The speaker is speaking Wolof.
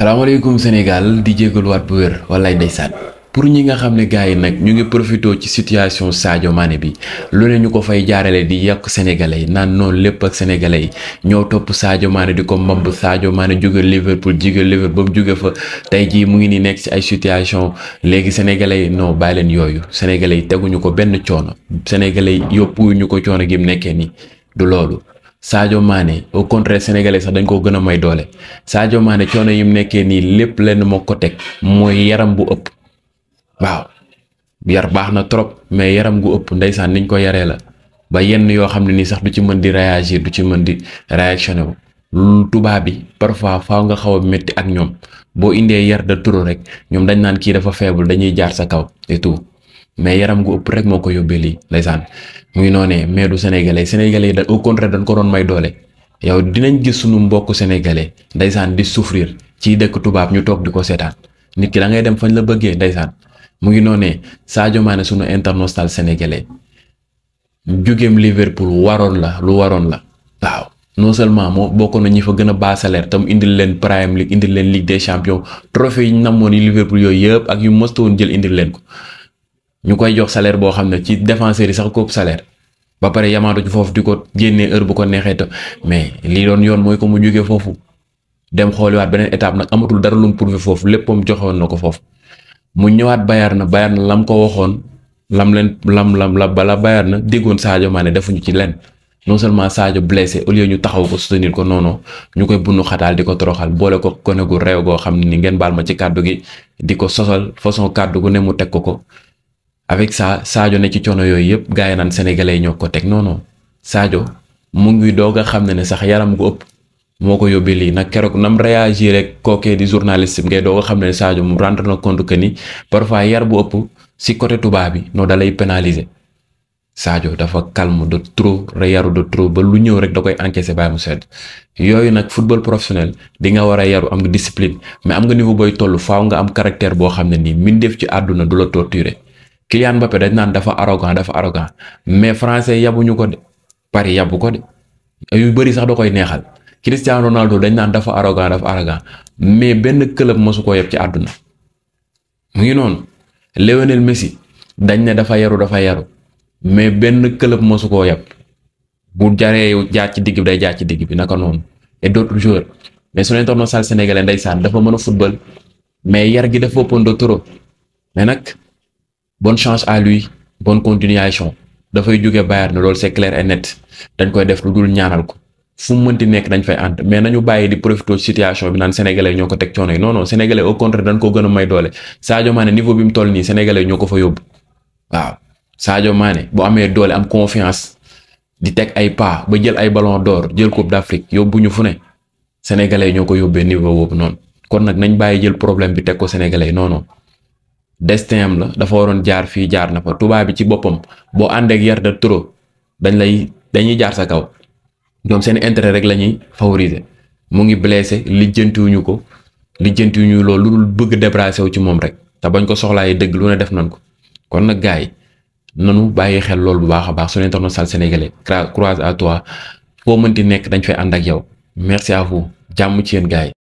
salaamaaleykum Sénégal di jégaluwaat bu wér wallaay ndeysaan pour ñi nga xam ne gars yi nag ñu ngi profité ci situation Sadio maane bi lu ne ñu ko fay jaarale di yàq sénégalais yi naan noonu lépp ak sénégalais yi ñoo topp saajo maane di ko mbamb Sadio maane jóge Liverpool jóge Liverpool ba jóge fa tey jii mu ngi nii nekk ci ay situation léegi sénégalais yi non bàyyi leen yooyu sénégalais yi teguñu ko benn coono sénégalais yi ñu ko coono gi mu nekkee nii du loolu. Sadio maane au contraire sénégalais sax dañ koo gën a may doole Sadio Mané coono yi mu nekkee nii lépp lenn moo ko teg mooy yaram bu ëpp waaw yar baax na trop mais yaram gu ëpp ndeysaan niñ ko yaree la ba yenn yoo xam ne nii sax du ci mën di réagir du ci mën di réactionné wu. tubaab bi parfois faaw nga xaw a métti ak ñoom boo indee yar da turo rek ñoom dañ naan kii dafa faible dañuy jaar sa kaw et tout. mais yaram gu ëpp rek moo ko yóbbee lii ndeysaan mu ngi noonee mais du sénégalais sénégalais da au contraire dañ ko doon may doole yow dinañ gis suñu mbokk sénégalais ndeysaan di souffrir ci dëkk tubaab ñu toog di ko seetaan nit ki da ngay dem fañ la bëggee ndeysaan mu ngi noonee Sadio Mané sunu international sénégalais jógeem Liverpool waroon la lu waroon la waaw no seulement moo bokkoon na ñi fa gën a bas salaire tam indil leen Premier League indil leen Ligue des Champions trophée yi ñu namoon yi Liverpool yooyu yëpp ak yu mësta woon jël indil leen ko ñu koy jox salaire boo xam ne ci défenseurs yi sax ko salaire ba pare yamaatu ci foofu di ko génnee heure bu ko neexee ta mais lii doon yoon mooy ko mu jógee foofu dem xooliwaat beneen étape nag amatul dara lu pour prouvé foofu léppam joxoon na ko foofu mu ñëwaat Bayern na Bayern na lam ko waxoon lam leen lam lam la bala Bayern na déggoon Sadio Mané defuñu ci leen non seulement Sadio blessé au lieu ñu taxaw ko soutenir ko noonu ñu koy bunnu xataal di ko boole ko gone gu réew goo xam ne ni ngeen baal ma ci kàddu gi di ko sosal façon kàddu gu ne mu teg ko ko avec saa Sadio ne ci coono yooyu yëpp gaay yi naan sénégalais ñoo ko teg non non mu ngi doog a xam ne ne sax yaram gu ëpp moo ko yóbbee lii nag keroog nam réagir rek kookee di journaliste bi ngay doog a xam ne Sadio mu rendre na compte que ni parfois yar bu ëpp si côté tubaab bi noo dalay pénaliser Sadio dafa calme de trop yaru de trop ba lu ñëw rek da koy encaisser bàyyi mu sedd yooyu nag football professionnel di nga war a yaru am nga discipline mais am nga niveau booy toll faaw nga am caractère boo xam ne nii mbindeef ci àdduna du la torturer. Kylian Mbappé dañ naan dafa arrogant dafa arrogant mais français yabuñu ko de Paris yabu ko de yu bëri sax da koy neexal Cristiano Ronaldo dañ naan dafa arrogant dafa arrogant mais benn club mosu ko yeb ci àdduna mu ngi noonu Lionel Messi dañ ne dafa yaru dafa yaru mais benn club mosu koo yeb bu jaree jaar ci digg bi day jaar ci digg bi naka noonu et d'autres joueurs mais suñu international sénégalais ndeysaan dafa mën a football mais yar gi dafa ëppoon de mais nag. bon chance à lui bon continuation dafay jóge Bayern loolu c'est clair et net dañ koy def lu dul ñaanal ko fu mu mënti nekk dañ fay ànd mais nañu bàyyi di profité situation bi naan sénégalais ñoo ko teg coono yi non non sénégalais au contraire ko gën a may doole Sadio Mané niveau bi mu toll nii sénégalais ñoo ko fa yóbbu waaw Sadio Mané bu amee doole am confiance di teg ay pas ba jël ay ballon d'or jël coupe d'Afrique yóbbu ñu fu ne senegal ñoo ko yóbbee niveau boobu noonu kon nag nañ bàyyi jël problème bi teg ko sénégalais non non destin am la dafa waroon jaar fii jaar na fa tubaab bi ci boppam boo àndeek yar de trop dañ lay dañuy jaar sa kaw ñoom seen intérêt rek la ñuy favoriser mu ngi blessé lijjantiwuñu ko lijjantiwuñu loolu lu bëgg débrasser wu ci moom rek te bañ ko soxlaay dëgg lu ne def nañ ko kon nag gars yi nanu bàyyi xel loolu bu baax a baax suñu international sénégalais croise à toi foo mënti nekk dañ fay ànd ak yow merci à vous jàmm ci yéen gars yi